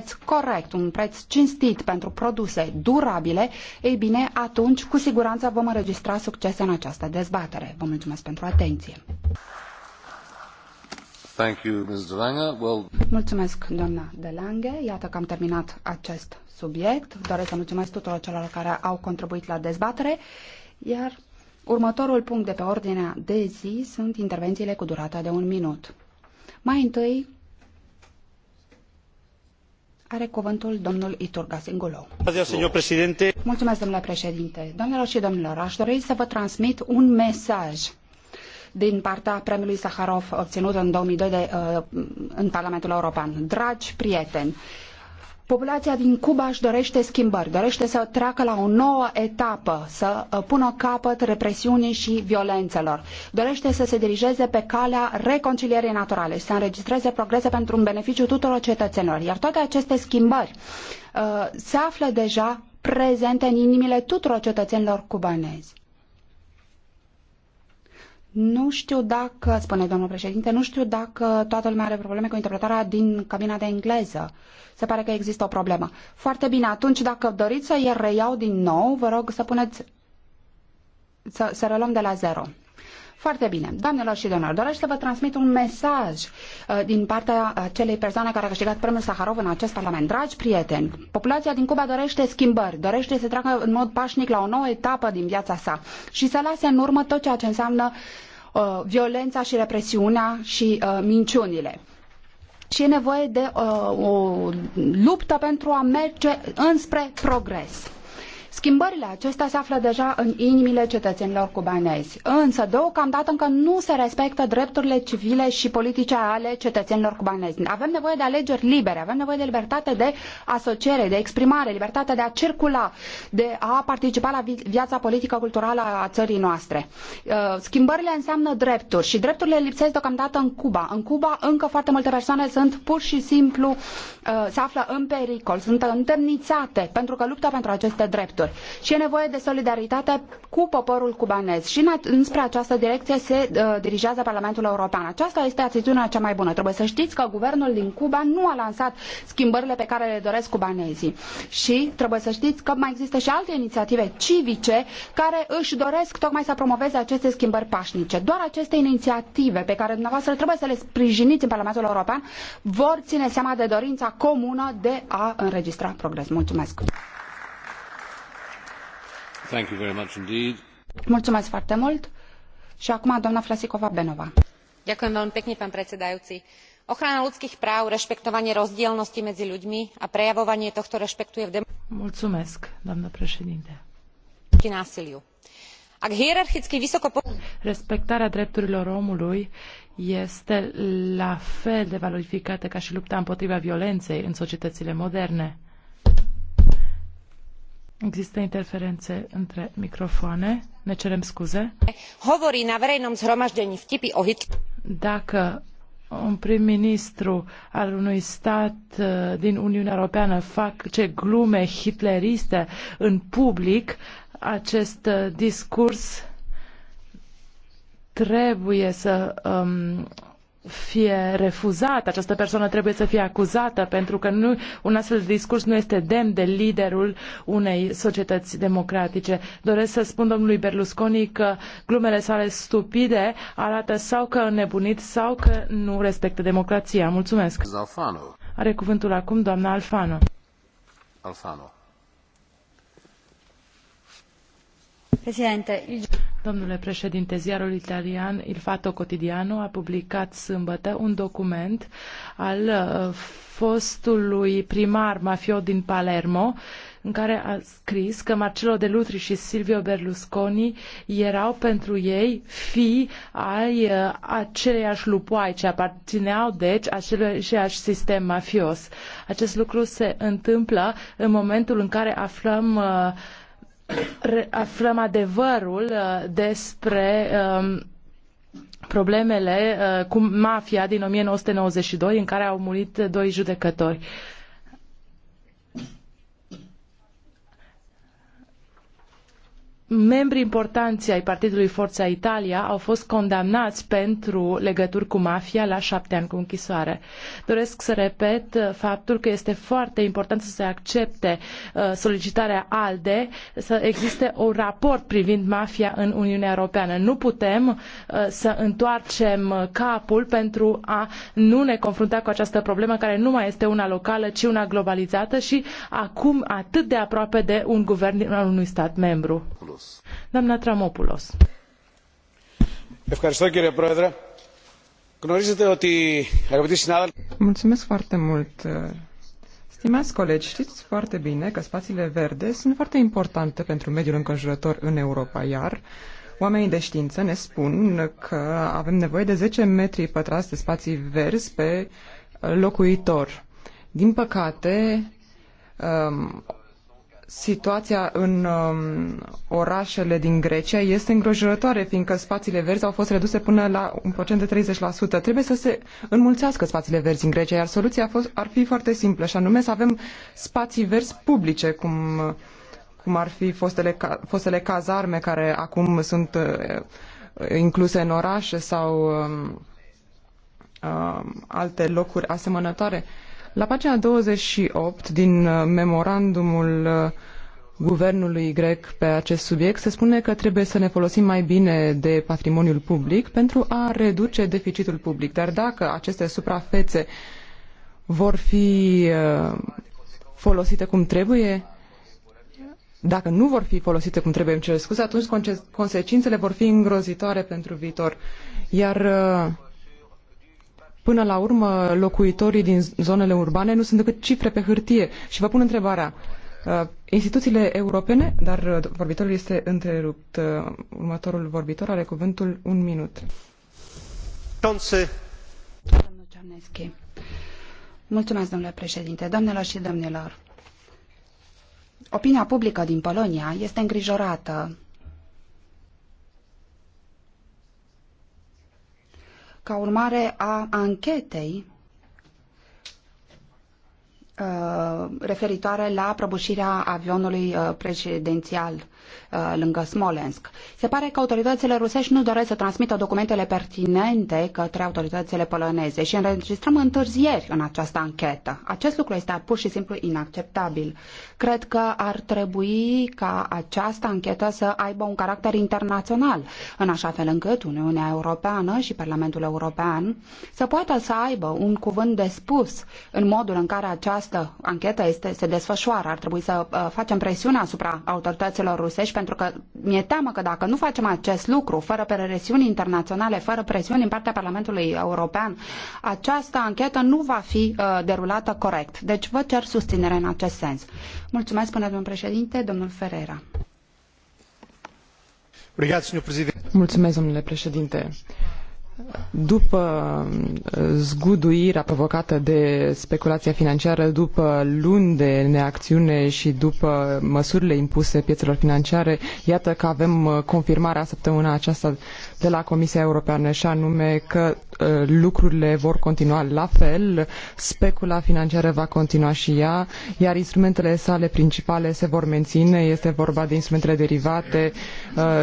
preț corect, un preț cinstit pentru produse durabile, ei bine, atunci cu siguranță vom înregistra succese în această dezbatere. Vă mulțumesc pentru atenție. Thank you, Ms. Well... Mulțumesc, doamna De Lange. Iată că am terminat acest subiect. Doresc să mulțumesc tuturor celor care au contribuit la dezbatere, iar următorul punct de pe ordinea de zi sunt intervențiile cu durata de un minut. Mai întâi, are cuvântul domnul Iturga Singulou. Mulțumesc, domnule președinte. Doamnelor și domnilor, aș dori să vă transmit un mesaj din partea premiului Saharov obținut în 2002 de, uh, în Parlamentul European. Dragi prieteni, Populația din Cuba își dorește schimbări, dorește să treacă la o nouă etapă, să uh, pună capăt represiunii și violențelor. Dorește să se dirigeze pe calea reconcilierii naturale și să înregistreze progrese pentru un beneficiu tuturor cetățenilor. Iar toate aceste schimbări uh, se află deja prezente în inimile tuturor cetățenilor cubanezi. Nu știu dacă, spune domnul președinte, nu știu dacă toată lumea are probleme cu interpretarea din cabina de engleză. Se pare că există o problemă. Foarte bine, atunci dacă doriți să reiau din nou, vă rog să puneți, să, să reluăm de la zero. Foarte bine. Doamnelor și domnilor, doresc să vă transmit un mesaj uh, din partea acelei persoane care a câștigat premiul Saharov în acest parlament. Dragi prieteni, populația din Cuba dorește schimbări, dorește să treacă în mod pașnic la o nouă etapă din viața sa și să lase în urmă tot ceea ce înseamnă Uh, violența și represiunea și uh, minciunile. Și e nevoie de uh, o luptă pentru a merge înspre progres. Schimbările acestea se află deja în inimile cetățenilor cubanezi, însă deocamdată încă nu se respectă drepturile civile și politice ale cetățenilor cubanezi. Avem nevoie de alegeri libere, avem nevoie de libertate de asociere, de exprimare, libertatea de a circula, de a participa la viața politică culturală a țării noastre. Uh, schimbările înseamnă drepturi și drepturile lipsesc deocamdată în Cuba. În Cuba încă foarte multe persoane sunt pur și simplu uh, se află în pericol, sunt întemnițate pentru că luptă pentru aceste drepturi drepturi și e nevoie de solidaritate cu poporul cubanez. Și înspre această direcție se uh, dirigează Parlamentul European. Aceasta este atitudinea cea mai bună. Trebuie să știți că guvernul din Cuba nu a lansat schimbările pe care le doresc cubanezii. Și trebuie să știți că mai există și alte inițiative civice care își doresc tocmai să promoveze aceste schimbări pașnice. Doar aceste inițiative pe care dumneavoastră trebuie să le sprijiniți în Parlamentul European vor ține seama de dorința comună de a înregistra progres. Mulțumesc! Mulțumesc foarte mult. Și acum Flasikova Benova. Ochrana ľudských práv, rešpektovanie rozdielnosti medzi ľuďmi a prejavovanie tohto rešpektu je v demokracii doamnă Násiliu. Ak hierarchicky vysoko... Respectarea drepturilor omului este la fel de valorificată ca și lupta împotriva violenței în societățile moderne Există interferențe între microfoane. Ne cerem scuze. Hovorí na verejnom zhromaždení vtipy o Hitler. Dacă un prim-ministru al unui stat uh, din Uniunea Europeană fac ce glume hitleriste în public, acest uh, discurs trebuie să um, fie refuzat, această persoană trebuie să fie acuzată, pentru că nu, un astfel de discurs nu este demn de liderul unei societăți democratice. Doresc să spun domnului Berlusconi că glumele sale stupide arată sau că înnebunit sau că nu respectă democrația. Mulțumesc! Zalfano. Are cuvântul acum doamna Alfano. Alfano. Domnule președinte, ziarul italian Il Fatto Quotidiano a publicat sâmbătă un document al uh, fostului primar mafiot din Palermo, în care a scris că Marcello de Lutri și Silvio Berlusconi erau pentru ei fii ai uh, aceleiași lupoai ce aparțineau deci aceleiași sistem mafios. Acest lucru se întâmplă în momentul în care aflăm uh, aflăm adevărul uh, despre um, problemele uh, cu mafia din 1992 în care au murit doi judecători. membri importanți ai partidului Forța Italia au fost condamnați pentru legături cu mafia la șapte ani cu închisoare. Doresc să repet uh, faptul că este foarte important să se accepte uh, solicitarea ALDE, să existe un raport privind mafia în Uniunea Europeană. Nu putem uh, să întoarcem capul pentru a nu ne confrunta cu această problemă care nu mai este una locală, ci una globalizată și acum atât de aproape de un guvern al unui stat membru. Tremopoulos. Doamna Tremopoulos. Ευχαριστώ κύριε Πρόεδρε. Γνωρίζετε ότι, Mulțumesc foarte mult, Stimați colegi, știți foarte bine că spațiile verde sunt foarte importante pentru mediul înconjurător în Europa, iar oamenii de știință ne spun că avem nevoie de 10 metri pătrați de spații verzi pe locuitor. Din păcate, um, situația în um, orașele din Grecia este îngrijorătoare, fiindcă spațiile verzi au fost reduse până la un procent de 30%. Trebuie să se înmulțească spațiile verzi în Grecia, iar soluția a fost, ar fi foarte simplă, și anume să avem spații verzi publice, cum, cum ar fi fostele, fostele cazarme care acum sunt uh, incluse în orașe sau uh, uh, alte locuri asemănătoare. Uh, la pagina 28 din uh, memorandumul uh, guvernului grec pe acest subiect se spune că trebuie să ne folosim mai bine de patrimoniul public pentru a reduce deficitul public. Dar dacă aceste suprafețe vor fi uh, folosite cum trebuie, dacă nu vor fi folosite cum trebuie, îmi cer scuze, atunci consecințele vor fi îngrozitoare pentru viitor. Iar uh, Până la urmă, locuitorii din zonele urbane nu sunt decât cifre pe hârtie. Și vă pun întrebarea. Uh, instituțiile europene, dar uh, vorbitorul este întrerupt. Uh, următorul vorbitor are cuvântul un minut. Tonse. Mulțumesc, domnule președinte, doamnelor și domnilor. Opinia publică din Polonia este îngrijorată ca urmare a anchetei uh, referitoare la prăbușirea avionului uh, prezidențial Uh, lângă Smolensk. Se pare că autoritățile rusești nu doresc să transmită documentele pertinente către autoritățile poloneze și înregistrăm întârzieri în această anchetă. Acest lucru este pur și simplu inacceptabil. Cred că ar trebui ca această anchetă să aibă un caracter internațional, în așa fel încât Uniunea Europeană și Parlamentul European să poată să aibă un cuvânt de spus în modul în care această anchetă este, se desfășoară. Ar trebui să uh, facem presiune asupra autorităților rusești, pentru că mi-e teamă că dacă nu facem acest lucru, fără presiuni internaționale, fără presiuni din partea Parlamentului European, această anchetă nu va fi uh, derulată corect. Deci vă cer susținere în acest sens. Mulțumesc, până domnul președinte, domnul Ferreira. Mulțumesc, domnule președinte după uh, zguduirea provocată de speculația financiară, după luni de neacțiune și după măsurile impuse piețelor financiare, iată că avem uh, confirmarea săptămâna aceasta de la Comisia Europeană și anume că uh, lucrurile vor continua la fel, specula financiară va continua și ea, iar instrumentele sale principale se vor menține, este vorba de instrumentele derivate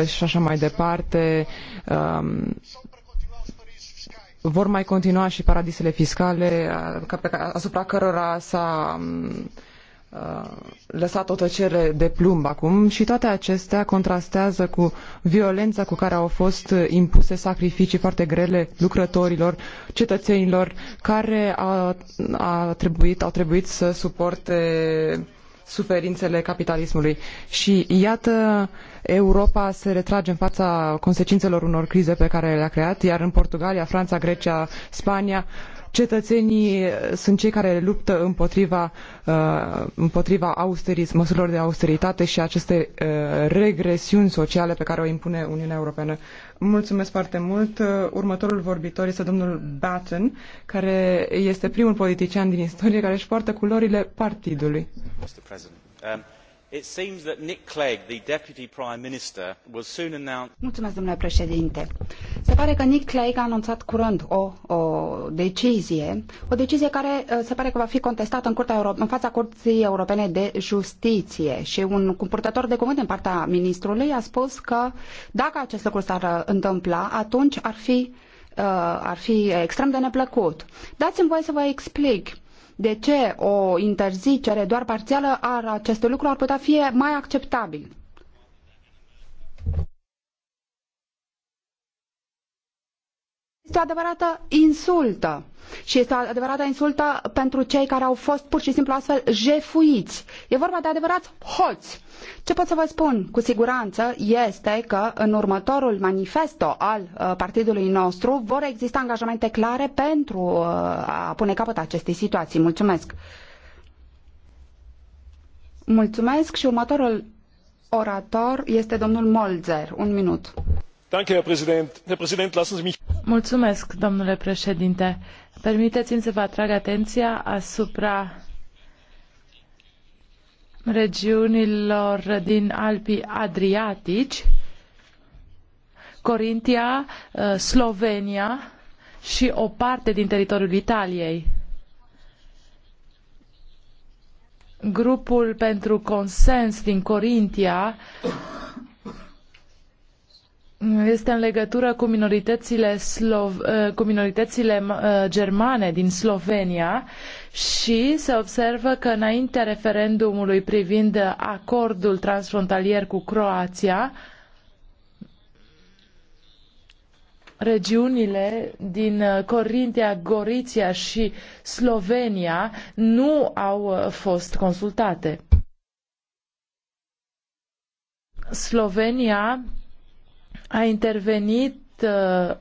și așa mai departe um, vor mai continua și paradisele fiscale uh, asupra cărora s-a um, uh, lăsat o tăcere de plumb acum și toate acestea contrastează cu violența cu care au fost impuse sacrificii foarte grele lucrătorilor, cetățenilor care a, a trebuit, au trebuit să suporte suferințele capitalismului. Și iată, Europa se retrage în fața consecințelor unor crize pe care le-a creat, iar în Portugalia, Franța, Grecia, Spania, uh, cetățenii eh, sunt cei care luptă împotriva, eh, împotriva măsurilor de austeritate și aceste eh, regresiuni sociale pe care o impune Uniunea Europeană. Mulțumesc foarte mult. Următorul vorbitor este domnul Batten, care este primul politician din istorie care își poartă culorile partidului. Mr. President, um it seems that nick clegg the deputy prime minister will soon announce. domnule președinte se pare că nick clegg a anunțat curând o, o decizie o decizie care uh, se pare că va fi contestată în, curtea Euro- în fața curții europene de justiție și un purtător de cuvânt din partea ministrului a spus că dacă acest lucru s-ar uh, întâmpla atunci ar fi uh, ar fi extrem de neplăcut. Dați-mi voie să vă explic de ce o interzicere doar parțială a acestui lucru ar putea fi mai acceptabil? Este o adevărată insultă și este o adevărată insultă pentru cei care au fost pur și simplu astfel jefuiți. E vorba de adevărați hoți. Ce pot să vă spun cu siguranță este că în următorul manifesto al uh, partidului nostru vor exista angajamente clare pentru uh, a pune capăt acestei situații. Mulțumesc! Mulțumesc și următorul orator este domnul Molzer. Un minut. Danke, Herr Präsident. Herr Präsident, lassen Sie mich Mulțumesc, domnule președinte. Permiteți-mi să vă atrag atenția asupra regiunilor din Alpii Adriatici, Corintia, uh, Slovenia și o parte din teritoriul Italiei. Grupul pentru consens din Corintia este în legătură cu minoritățile, eh, cu minoritățile eh, germane din Slovenia și se observă că înaintea referendumului privind acordul transfrontalier cu Croația, regiunile din eh, Corintia, Goriția și Slovenia nu au fost consultate. Slovenia a intervenit, uh,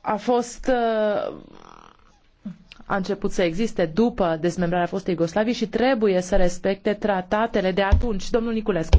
a fost uh, a început să existe după dezmembrarea fostei Iugoslavii și trebuie să respecte tratatele de atunci. Domnul Niculescu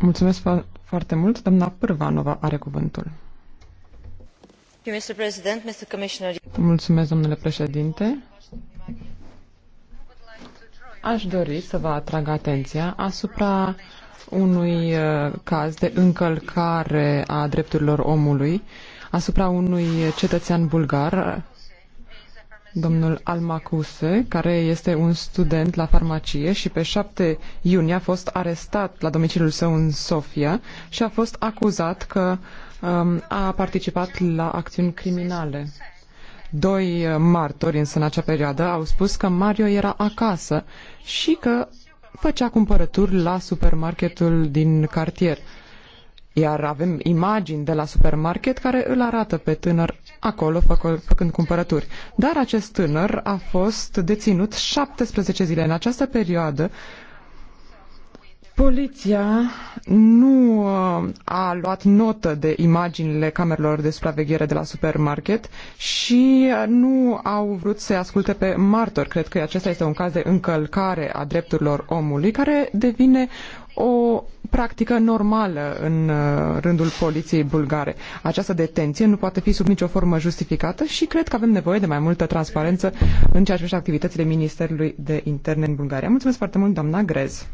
Mulțumesc foarte mult. Doamna Pârvanova are cuvântul. Mulțumesc, domnule președinte. Aș dori să vă atrag atenția asupra unui uh, caz de încălcare a drepturilor omului asupra unui cetățean bulgar domnul Almacuse, care este un student la farmacie și pe 7 iunie a fost arestat la domiciliul său în Sofia și a fost acuzat că um, a participat la acțiuni criminale. Doi uh, martori însă în acea perioadă au spus că Mario era acasă și că făcea cumpărături la supermarketul din cartier. Iar avem imagini de la supermarket care îl arată pe tânăr acolo făcând cumpărături. Dar acest tânăr a fost deținut 17 zile. În această perioadă, poliția nu uh, a luat notă de imaginile camerelor de supraveghere de la supermarket și uh, nu au vrut să asculte pe martor. Cred că acesta este un caz de încălcare a drepturilor omului care devine o practică normală în uh, rândul poliției bulgare. Această detenție nu poate fi sub nicio formă justificată și cred că avem nevoie de mai multă transparență în ceea ce privește activitățile Ministerului de Interne în Bulgaria. Mulțumesc foarte mult, doamna Grez.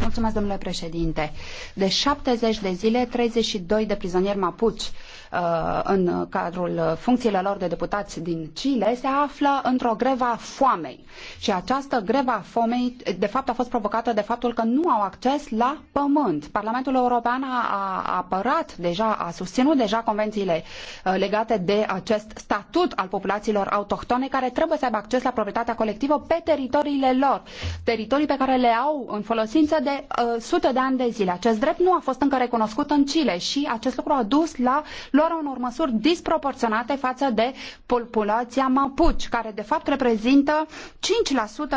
Mulțumesc, domnule președinte. De 70 de zile, 32 de prizonieri mapuci Uh, în cadrul funcțiilor lor de deputați din Chile se află într-o greva foamei. Și această greva foamei, de fapt, a fost provocată de faptul că nu au acces la pământ. Parlamentul European a apărat deja, a susținut deja convențiile uh, legate de acest statut al populațiilor autohtone care trebuie să aibă acces la proprietatea colectivă pe teritoriile lor, teritorii pe care le au în folosință de uh, sute de ani de zile. Acest drept nu a fost încă recunoscut în Chile și acest lucru a dus la luarea unor măsuri disproporționate față de populația mapuci, care de fapt reprezintă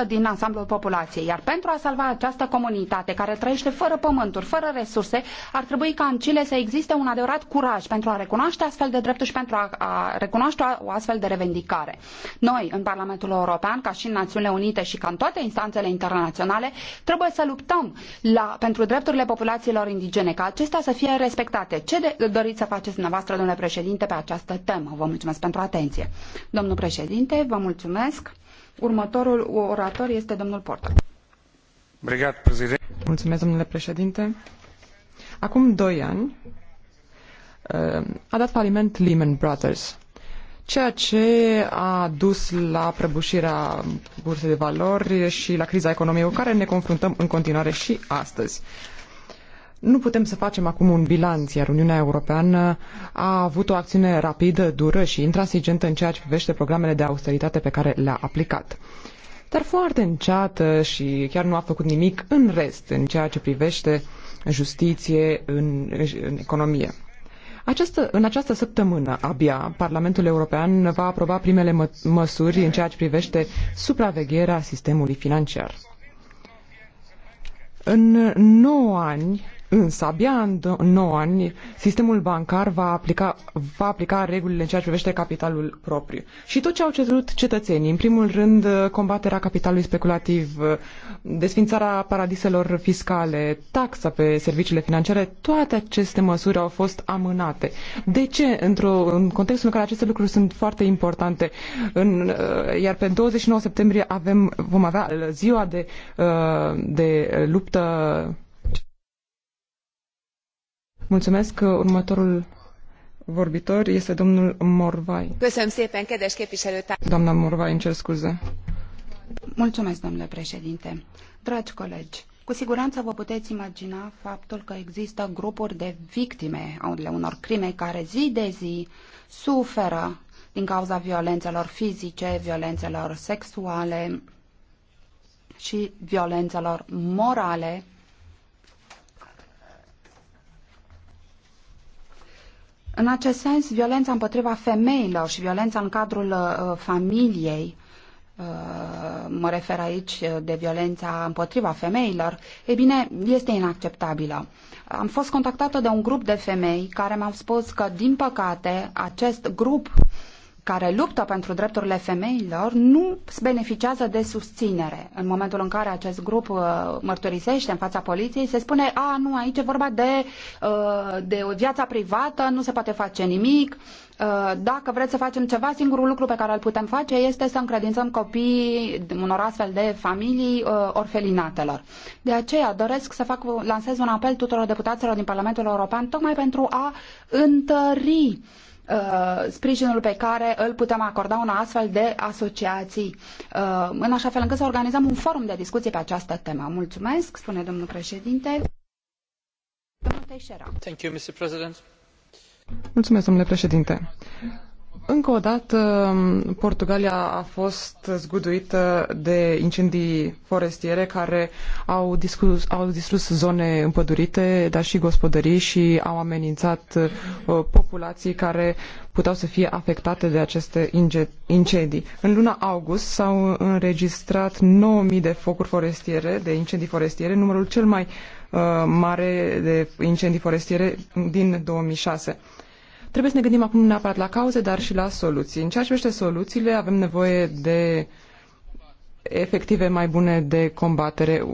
5% din ansamblul populației. Iar pentru a salva această comunitate care trăiește fără pământuri, fără resurse, ar trebui ca în Chile să existe un adevărat curaj pentru a recunoaște astfel de drepturi și pentru a, a recunoaște o astfel de revendicare. Noi, în Parlamentul European, ca și în Națiunile Unite și ca în toate instanțele internaționale, trebuie să luptăm la, pentru drepturile populațiilor indigene, ca acestea să fie respectate. Ce de, doriți să faceți dumneavoastră? dumneavoastră, domnule președinte, pe această temă. Vă mulțumesc pentru atenție. Domnul președinte, vă mulțumesc. Următorul orator este domnul Porter. Mulțumesc, domnule președinte. Acum doi ani eh, a dat faliment Lehman Brothers, ceea ce a dus la prăbușirea bursei de valori și la criza economiei cu care ne confruntăm în continuare și astăzi. Nu putem să facem acum un bilanț, iar Uniunea Europeană a avut o acțiune rapidă, dură și intransigentă în ceea ce privește programele de austeritate pe care le-a aplicat. Dar foarte înceată și chiar nu a făcut nimic în rest în ceea ce privește justiție în, în economie. Această, în această săptămână, abia, Parlamentul European va aproba primele mă, măsuri în ceea ce privește supravegherea sistemului financiar. În 9 ani, Însă, abia în 9 ani, sistemul bancar va aplica, va aplica regulile în ceea ce privește capitalul propriu. Și tot ce au cerut cetățenii, în primul rând, combaterea capitalului speculativ, desfințarea paradiselor fiscale, taxa pe serviciile financiare, toate aceste măsuri au fost amânate. De ce? Într-o, în contextul în care aceste lucruri sunt foarte importante, în, uh, iar pe 29 septembrie avem, vom avea ziua de, uh, de luptă Mulțumesc. Următorul vorbitor este domnul Morvai. Köszönöm szépen, kedves képviselőtárs. Doamna Morvai, îmi cer scuze. Mulțumesc, domnule președinte. Dragi colegi, cu siguranță vă puteți imagina faptul că există grupuri de victime ale unor crime care zi de zi suferă din cauza violențelor fizice, violențelor sexuale și violențelor morale În acest sens, violența împotriva femeilor și violența în cadrul uh, familiei, uh, mă refer aici uh, de violența împotriva femeilor, e bine, este inacceptabilă. Am fost contactată de un grup de femei care mi-au spus că, din păcate, acest grup care luptă pentru drepturile femeilor nu beneficiază de susținere. În momentul în care acest grup uh, mărturisește în fața poliției, se spune, a, nu, aici e vorba de, uh, de o viață privată, nu se poate face nimic, uh, dacă vreți să facem ceva, singurul lucru pe care îl putem face este să încredințăm copiii unor astfel de familii orfelinatelor. De aceea doresc să fac, lansez un apel tuturor deputaților din Parlamentul European tocmai pentru a întări Uh, sprijinul pe care îl putem acorda unor astfel de asociații, uh, în așa fel încât să organizăm un forum de discuție pe această temă. Mulțumesc, spune domnul președinte. Domnul Teixeira. Thank you, Mr. President. Mulțumesc, domnule președinte. Încă o dată, Portugalia a fost zguduită de incendii forestiere care au, discus, au distrus zone împădurite, dar și gospodării și au amenințat uh, populații care puteau să fie afectate de aceste incendii. În luna august s-au înregistrat 9.000 de focuri forestiere, de incendii forestiere, numărul cel mai uh, mare de incendii forestiere din 2006 Trebuie să ne gândim acum neapărat la cauze, dar și la soluții. În ceea ce privește soluțiile, avem nevoie de efective mai bune de combatere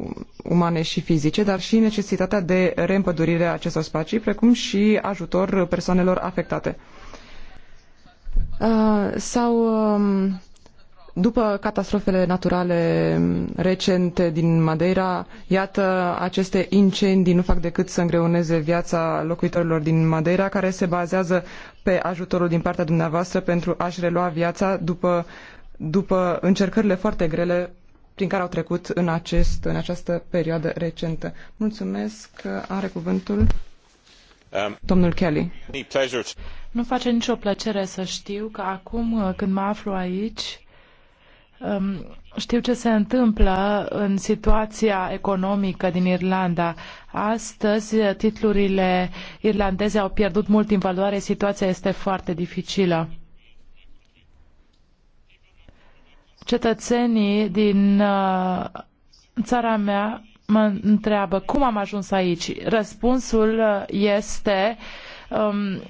umane și fizice, dar și necesitatea de reîmpădurire a acestor spații, precum și ajutor persoanelor afectate. Uh, sau uh, după catastrofele naturale recente din Madeira, iată, aceste incendii nu fac decât să îngreuneze viața locuitorilor din Madeira, care se bazează pe ajutorul din partea dumneavoastră pentru a-și relua viața după, după încercările foarte grele prin care au trecut în, acest, în această perioadă recentă. Mulțumesc, are cuvântul domnul Kelly. Nu face nicio plăcere să știu că acum când mă aflu aici, Um, știu ce se întâmplă în situația economică din Irlanda. Astăzi, titlurile irlandeze au pierdut mult din valoare, situația este foarte dificilă. Cetățenii din uh, țara mea mă întreabă cum am ajuns aici. Răspunsul uh, este um,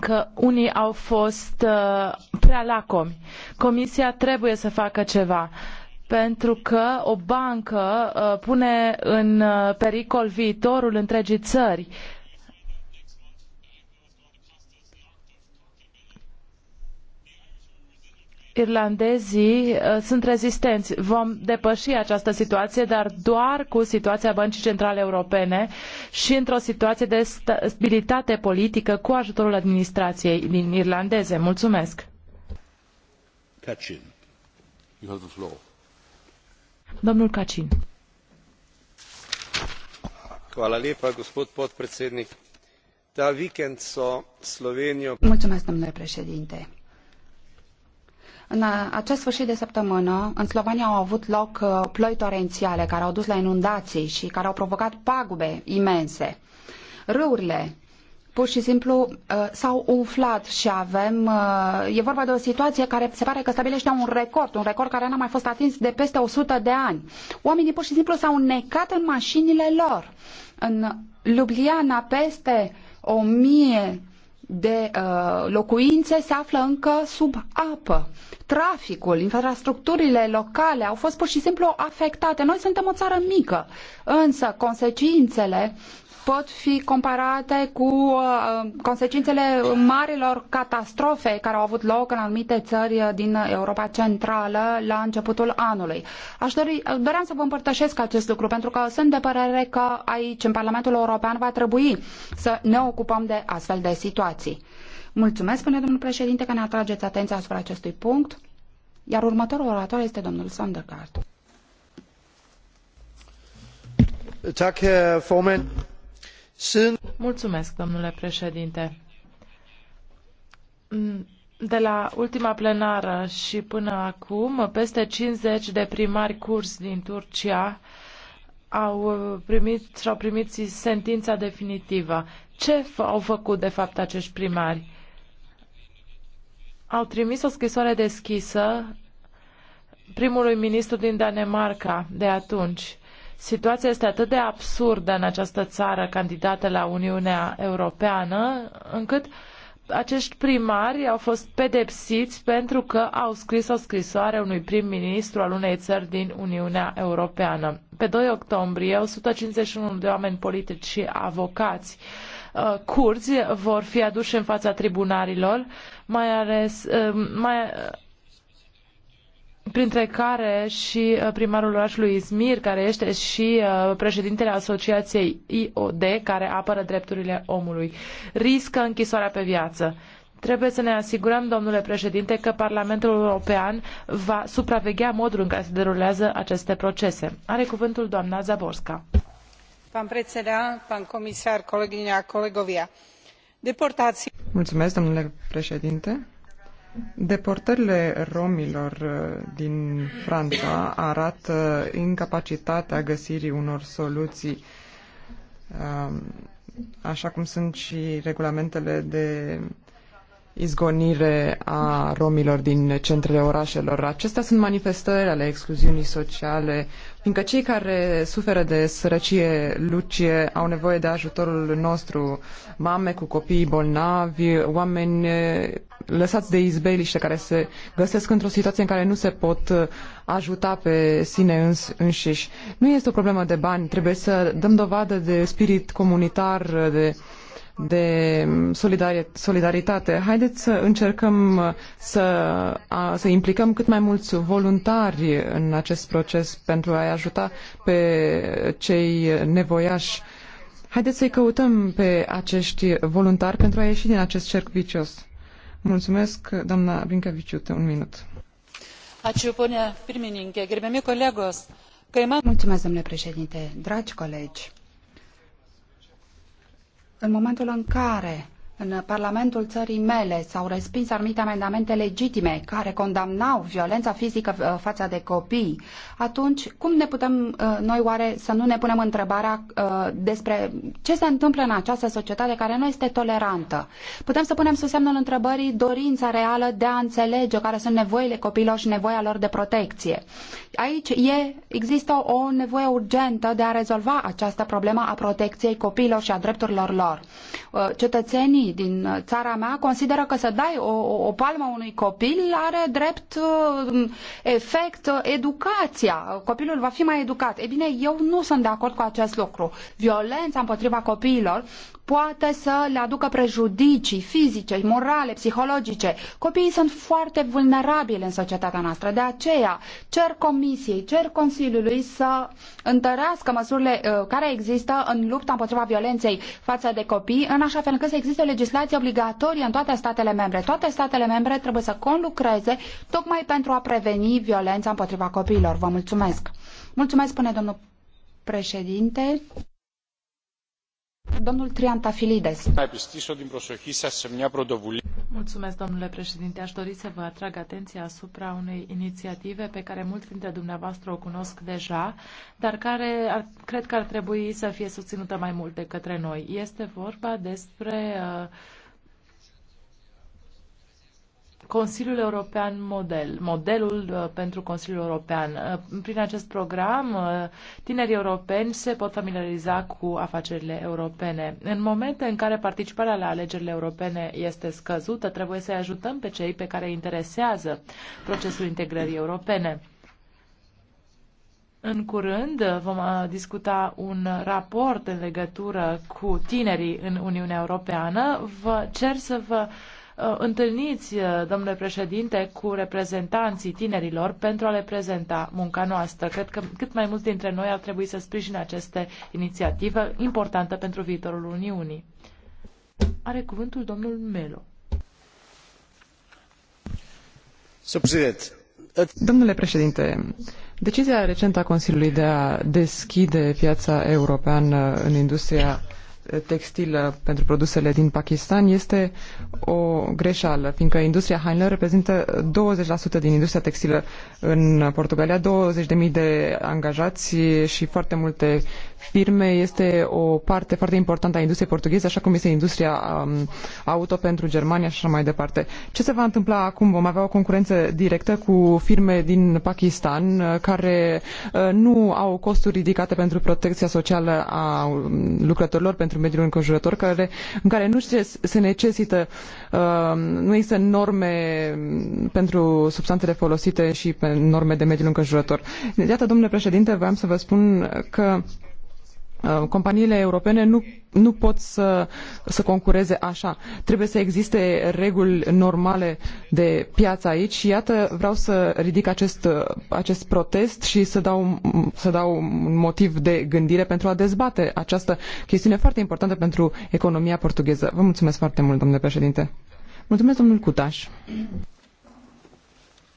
că unii au fost uh, prea lacomi. Comisia trebuie să facă ceva pentru că o bancă uh, pune în uh, pericol viitorul întregii țări. Uh, irlandezii uh, sunt rezistenți. Vom depăși această situație, dar doar cu situația Băncii Centrale Europene și într-o situație de stabilitate politică cu ajutorul administrației din irlandeze. Mulțumesc! Kacin. You have the floor. Domnul Kacin. Hvala lepa, gospod podpredsednik. Ta vikend so Slovenijo... Mulțumesc, domnule președinte în uh, acest sfârșit de săptămână, în Slovenia au avut loc uh, ploi torențiale care au dus la inundații și care au provocat pagube imense. Râurile pur și simplu uh, s-au umflat și avem, e vorba de o situație care se pare că stabilește un record, un record care n-a mai fost atins de peste 100 de ani. Oamenii pur și simplu s-au necat în mașinile lor. În Ljubljana peste o mie de uh, locuințe se află încă sub apă. Traficul, infrastructurile locale au fost pur și simplu afectate. Noi suntem o țară mică, însă consecințele pot fi comparate cu uh, consecințele marilor catastrofe care au avut loc în anumite țări din Europa Centrală la începutul anului. Aș dori, doream să vă împărtășesc acest lucru pentru că sunt de părere că aici, în Parlamentul European, va trebui să ne ocupăm de astfel de situații. Mulțumesc, spune domnul președinte, că ne atrageți atenția asupra acestui punct. Iar următorul orator este domnul Sandergaard. Tak, herr sunt... Mulțumesc, domnule președinte. De la ultima plenară și până acum, peste 50 de primari curs din Turcia au uh, primit, și-au primit sentința definitivă. Ce au făcut, de fapt, acești primari? Au trimis o scrisoare deschisă primului ministru din Danemarca de atunci Situația este atât de absurdă în această țară candidată la Uniunea Europeană, încât acești primari au fost pedepsiți pentru că au scris o scrisoare unui prim-ministru al unei țări din Uniunea Europeană. Pe 2 octombrie, 151 de oameni politici și avocați uh, curzi vor fi aduși în fața tribunalilor, mai ales uh, mai printre care și uh, primarul orașului Izmir, care este și uh, președintele Asociației IOD, care apără drepturile omului. Riscă închisoarea pe viață. Trebuie să ne asigurăm, domnule președinte, că Parlamentul European va supraveghea modul în care se derulează aceste procese. Are cuvântul doamna Zaborska. Pan predseda, pan comisar, colegii, colegovia. Deportații. Mulțumesc, domnule președinte Deportările romilor uh, din Franța arată incapacitatea găsirii unor soluții, um, așa cum sunt și regulamentele de izgonire a romilor din centrele orașelor. Acestea sunt manifestări ale excluziunii sociale, fiindcă cei care suferă de sărăcie lucie au nevoie de ajutorul nostru, mame cu copii bolnavi, oameni eh, lăsați de izbeliște care se găsesc într-o situație în care nu se pot eh, ajuta pe sine îns- înșiși. Nu este o problemă de bani, trebuie să dăm dovadă de spirit comunitar, de de solidaritate. Haideți să încercăm să, a, să implicăm cât mai mulți voluntari în acest proces pentru a-i ajuta pe cei nevoiași. Haideți să-i căutăm pe acești voluntari pentru a ieși din acest cerc vicios. Mulțumesc, doamna Viciute, un minut. Ačiū, ponia pirmininkė, gerbiami kolegos. Mulțumesc, domnule președinte, dragi colegi în momentul în care în Parlamentul țării mele s-au respins anumite amendamente legitime care condamnau violența fizică uh, față de copii. Atunci, cum ne putem uh, noi oare să nu ne punem întrebarea uh, despre ce se întâmplă în această societate care nu este tolerantă? Putem să punem sub semnul întrebării dorința reală de a înțelege care sunt nevoile copiilor și nevoia lor de protecție. Aici e, există o nevoie urgentă de a rezolva această problemă a protecției copiilor și a drepturilor lor. Cetățenii femei din țara mea consideră că să dai o, o palmă unui copil are drept uh, efect uh, educația. Copilul va fi mai educat. E bine, eu nu sunt de acord cu acest lucru. Violența împotriva copiilor poate să le aducă prejudicii fizice, morale, psihologice. Copiii sunt foarte vulnerabili în societatea noastră. De aceea cer Comisiei, cer Consiliului să întărească măsurile uh, care există în lupta împotriva violenței față de copii, în așa fel încât să existe o legislație obligatorie în toate statele membre. Toate statele membre trebuie să conlucreze tocmai pentru a preveni violența împotriva copiilor. Vă mulțumesc! Mulțumesc, spune domnul președinte. Domnul Triantafilides. Mulțumesc, domnule președinte. Aș dori să vă atrag atenția asupra unei inițiative pe care mulți dintre dumneavoastră o cunosc deja, dar care ar, cred că ar trebui să fie susținută mai mult de către noi. Este vorba despre uh, Consiliul European Model, modelul uh, pentru Consiliul European. Uh, prin acest program, uh, tinerii europeni se pot familiariza cu afacerile europene. În momente în care participarea la alegerile europene este scăzută, trebuie să-i ajutăm pe cei pe care interesează procesul integrării europene. În curând vom discuta un raport în legătură cu tinerii în Uniunea Europeană. Vă cer să vă uh, Uh, întâlniți, uh, domnule președinte, cu reprezentanții tinerilor pentru a le prezenta munca noastră. Cred că cât mai mulți dintre noi ar trebui să sprijine aceste inițiative importantă pentru viitorul Uniunii. Are cuvântul domnul Melo. Domnule președinte, decizia recentă a Consiliului de a deschide piața europeană în industria textilă pentru produsele din Pakistan este o greșeală, fiindcă industria hainelor reprezintă 20% din industria textilă în Portugalia, 20.000 de angajați și foarte multe firme. Este o parte foarte importantă a industriei portugheze, așa cum este industria um, auto pentru Germania și așa mai departe. Ce se va întâmpla acum? Vom avea o concurență directă cu firme din Pakistan uh, care uh, nu au costuri ridicate pentru protecția socială a um, lucrătorilor, pentru pentru mediul înconjurător care, în care nu se necesită, uh, nu există norme pentru substanțele folosite și norme de mediul înconjurător. Iată, domnule președinte, vreau să vă spun că Uh, companiile europene nu, nu pot să, să concureze așa. Trebuie să existe reguli normale de piață aici și iată, vreau să ridic acest, uh, acest protest și să dau, să dau un motiv de gândire pentru a dezbate această chestiune foarte importantă pentru economia portugheză. Vă mulțumesc foarte mult, domnule președinte. Mulțumesc, domnul Cutaș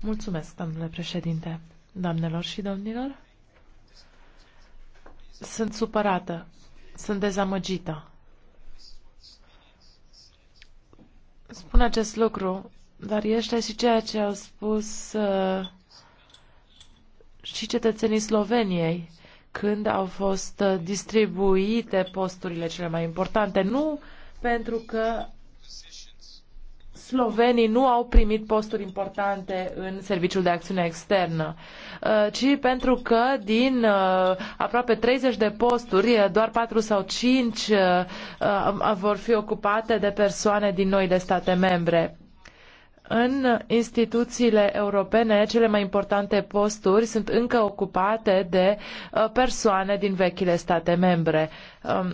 Mulțumesc, domnule președinte. Doamnelor și domnilor, sunt supărată, sunt dezamăgită. Spun acest lucru, dar este și ceea ce au spus uh, și cetățenii Sloveniei când au fost uh, distribuite posturile cele mai importante. Nu pentru că slovenii nu au primit posturi importante în Serviciul de Acțiune Externă, uh, ci pentru că din uh, aproape 30 de posturi, uh, doar 4 sau 5 vor fi ocupate de persoane din noile state membre. În instituțiile europene, cele mai importante posturi sunt încă ocupate de persoane din vechile state membre. Um,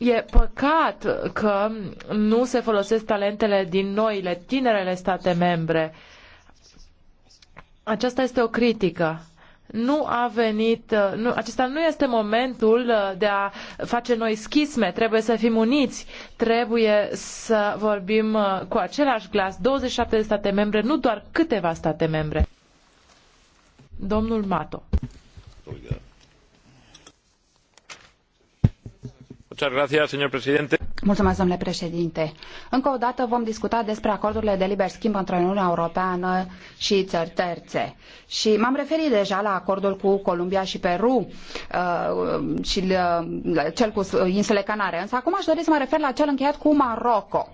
E păcat că nu se folosesc talentele din noile, tinerele state membre. Aceasta este o critică nu a venit, nu, acesta nu este momentul de a face noi schisme, trebuie să fim uniți, trebuie să vorbim cu același glas, 27 de state membre, nu doar câteva state membre. Domnul Mato. Mulțumesc, domnule președinte. Încă o dată vom discuta despre acordurile de liber schimb între Uniunea Europeană și țări terțe. Și m-am referit deja la acordul cu Columbia și Peru uh, și uh, cel cu uh, insulele Canare. Însă acum aș dori să mă refer la cel încheiat cu Marocco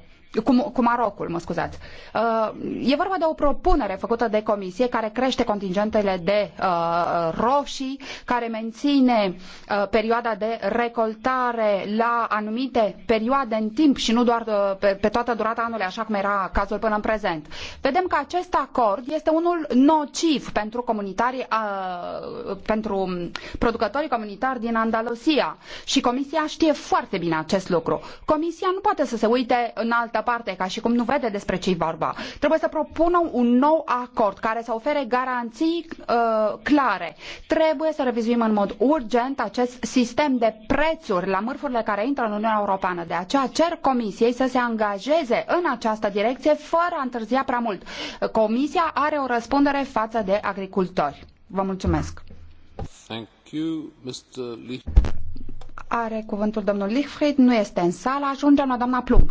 cu, cu Marocul, mă scuzați. Uh, e vorba de o propunere făcută de comisie care crește contingentele de uh, roșii, care menține uh, perioada de recoltare la anumite perioade în timp și nu doar uh, pe, pe toată durata anului, așa cum era cazul până în prezent. Vedem că acest acord este unul nociv pentru comunitarii, uh, pentru producătorii comunitari din Andalusia și comisia știe foarte bine acest lucru. Comisia nu poate să se uite în alt altă parte, ca și cum nu vede despre ce-i vorba. Trebuie să propună un nou acord care să ofere garanții uh, clare. Trebuie să revizuim în mod urgent acest sistem de prețuri la mărfurile care intră în Uniunea Europeană. De aceea cer Comisiei să se angajeze în această direcție fără a întârzia prea mult. Comisia are o răspundere față de agricultori. Vă mulțumesc. Thank you, Mr. Are cuvântul domnul Lichfried, nu este în sală, ajungem la doamna Plumb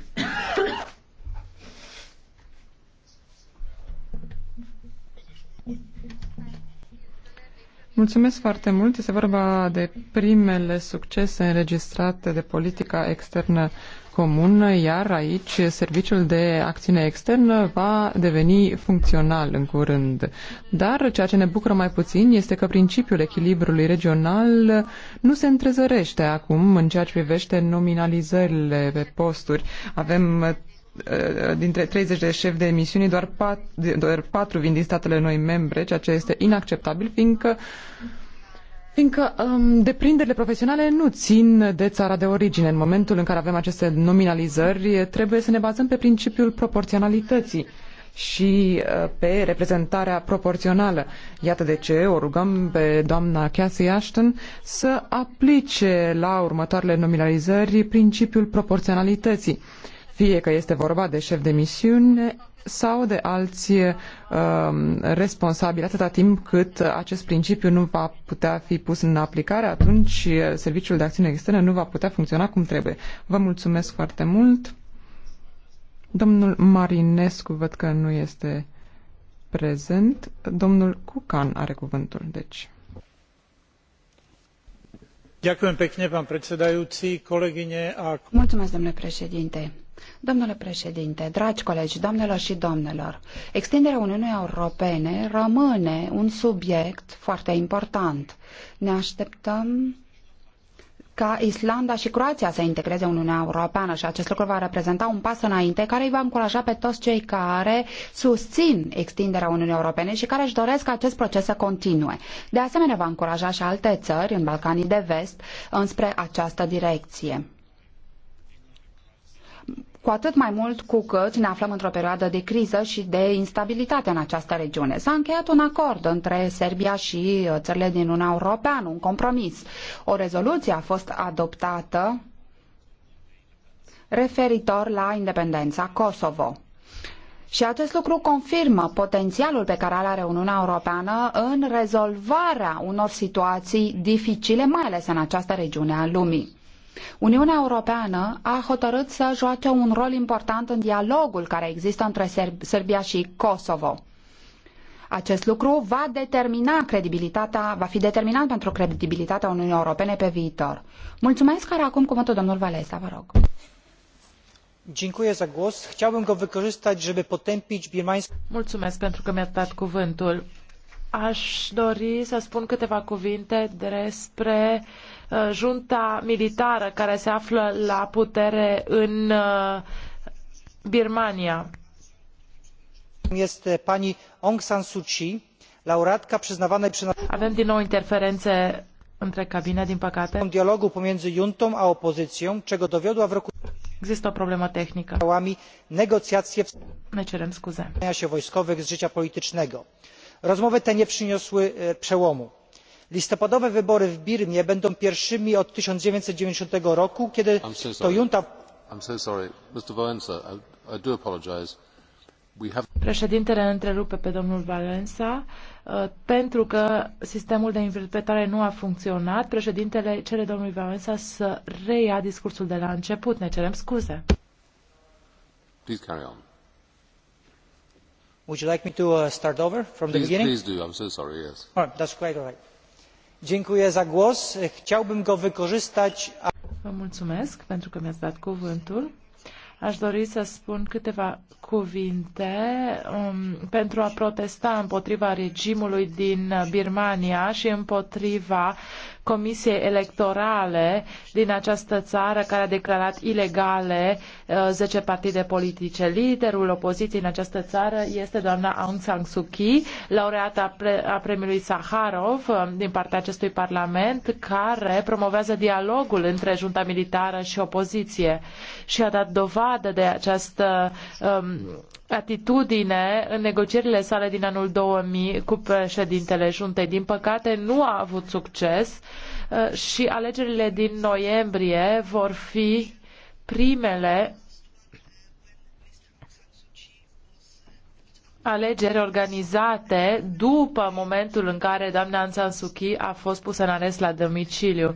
Mulțumesc foarte mult. Este vorba de primele succese înregistrate de politica externă comună, iar aici serviciul de acțiune externă va deveni funcțional în curând. Dar ceea ce ne bucură mai puțin este că principiul echilibrului regional nu se întrezărește acum în ceea ce privește nominalizările pe posturi. Avem Eh, dintre 30 de șefi de emisiuni, doar, 4, doar 4 vin din statele noi membre, ceea ce este inacceptabil, fiindcă Fiindcă um, deprinderile profesionale nu țin de țara de origine. În momentul în care avem aceste nominalizări, trebuie să ne bazăm pe principiul proporționalității și uh, pe reprezentarea proporțională. Iată de ce o rugăm pe doamna Cassie Ashton să aplice la următoarele nominalizări principiul proporționalității. Uh, fie că este vorba de șef de misiune sau de alți uh, responsabili, atâta timp cât acest principiu nu va putea fi pus în aplicare, atunci Serviciul de Acțiune Externă nu va putea funcționa cum trebuie. Vă mulțumesc foarte mult. Domnul Marinescu văd că nu este prezent. Domnul Cucan are cuvântul, deci. Mulțumesc, domnule președinte Domnule președinte, dragi colegi, doamnelor și domnilor, extinderea Uniunii Europene rămâne un subiect foarte important. Ne așteptăm ca Islanda și Croația să integreze Uniunea Europeană și acest lucru va reprezenta un pas înainte care îi va încuraja pe toți cei care susțin extinderea Uniunii Europene și care își doresc ca acest proces să continue. De asemenea, va încuraja și alte țări în Balcanii de Vest înspre această direcție cu atât mai mult cu cât ne aflăm într-o perioadă de criză și de instabilitate în această regiune. S-a încheiat un acord între Serbia și uh, țările din Uniunea Europeană, un compromis. O rezoluție a fost adoptată referitor la independența Kosovo. Și acest lucru confirmă potențialul pe care are Uniunea Europeană în rezolvarea unor situații dificile, mai ales în această regiune a lumii. Uniunea Europeană a hotărât să joace un rol important în dialogul care există între Serbia și Kosovo. Acest lucru va determina credibilitatea, va fi determinant pentru credibilitatea Uniunii Europene pe viitor. Mulțumesc, care acum cuvântul domnul Valesa, vă rog. Dziękuję za głos. Chciałbym go wykorzystać, żeby potępić birmańskie... Mulțumesc pentru că mi a dat cuvântul. Aș dori să spun câteva cuvinte despre uh, junta militară care se află la putere în uh, Birmania. Este pani Aung San Suu Kyi, laureatka przyznawanej przy... Avem din nou interferențe între cabine, din păcate. ...dialogu pomiędzy juntą a opozycją, czego dowiodła w roku... Există o problemă tehnică. ...negocjacje... Ne cerem scuze. ...się wojskowych rozmowy te nie przyniosły przełomu. listopadowe wybory w birmie będą pierwszymi od tysiąc dziewięćset dziewięćdzisiąt roku kiedy to junta preedintele pe domnul wasa pentru că sistemul de interpretare nu a funcționat. Președintele cere domnului wasa să reia discursul de la început ne cerem scuze. Please carry on. Would you like me to uh, start over from the beginning? Please do. I'm so sorry. Yes. Oh, that's quite all right. Dziękuję za głos. Chciałbym go wykorzystać. Vă mulțumesc pentru că mi-ați dat cuvântul. Aș dori să spun câteva cuvinte um, pentru a protesta împotriva regimului din Birmania și împotriva Comisiei Electorale din această țară care a declarat ilegale uh, zece partide politice. Liderul opoziției în această țară este doamna Aung San Suu Kyi, laureată a premiului Saharov uh, din partea acestui parlament, care promovează dialogul între junta militară și opoziție și a dat dovadă de această um, atitudine în negocierile sale din anul 2000 cu președintele Juntei. Din păcate, nu a avut succes uh, și alegerile din noiembrie vor fi primele alegeri organizate după momentul în care doamna Aung San Suu Kyi a fost pusă în arest la domiciliu.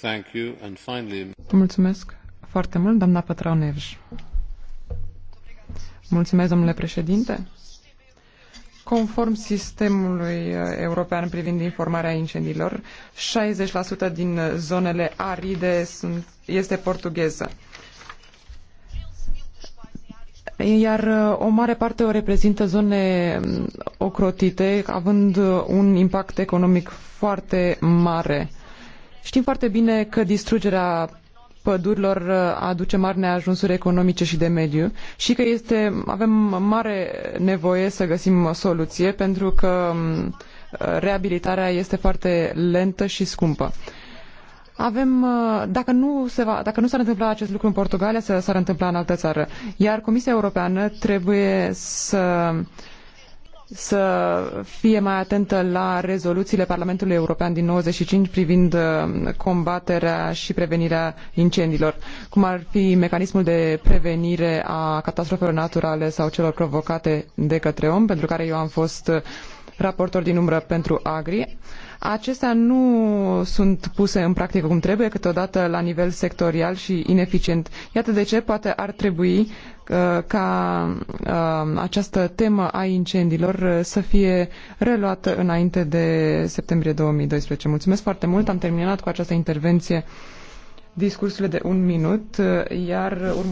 Thank you. And finally... Mulțumesc foarte mult, doamna Pătrau Nevș. Mulțumesc, domnule președinte. Conform sistemului uh, european privind informarea incendiilor, 60% din zonele aride sunt, este portugheză. Iar uh, o mare parte o reprezintă zone um, ocrotite, având un impact economic foarte mare. Știm foarte bine că distrugerea pădurilor uh, aduce mari neajunsuri economice și de mediu și că este, avem mare nevoie să găsim o soluție pentru că um, reabilitarea este foarte lentă și scumpă. Avem, uh, dacă nu, se va, dacă nu s-ar întâmpla acest lucru în Portugalia, s-ar întâmpla în altă țară. Iar Comisia Europeană trebuie să să fie mai atentă la rezoluțiile Parlamentului European din 95 privind uh, combaterea și prevenirea incendiilor, cum ar fi mecanismul de prevenire a catastrofelor naturale sau celor provocate de către om, pentru care eu am fost uh, raportor din umbră pentru Agri. Uh, acestea nu sunt puse în practică cum trebuie, câteodată la nivel sectorial și ineficient. Iată de ce poate ar trebui uh, ca uh, această temă a incendiilor uh, să fie reluată înainte de septembrie 2012. Mulțumesc foarte mult, am terminat cu această intervenție discursurile de un minut, iar urmă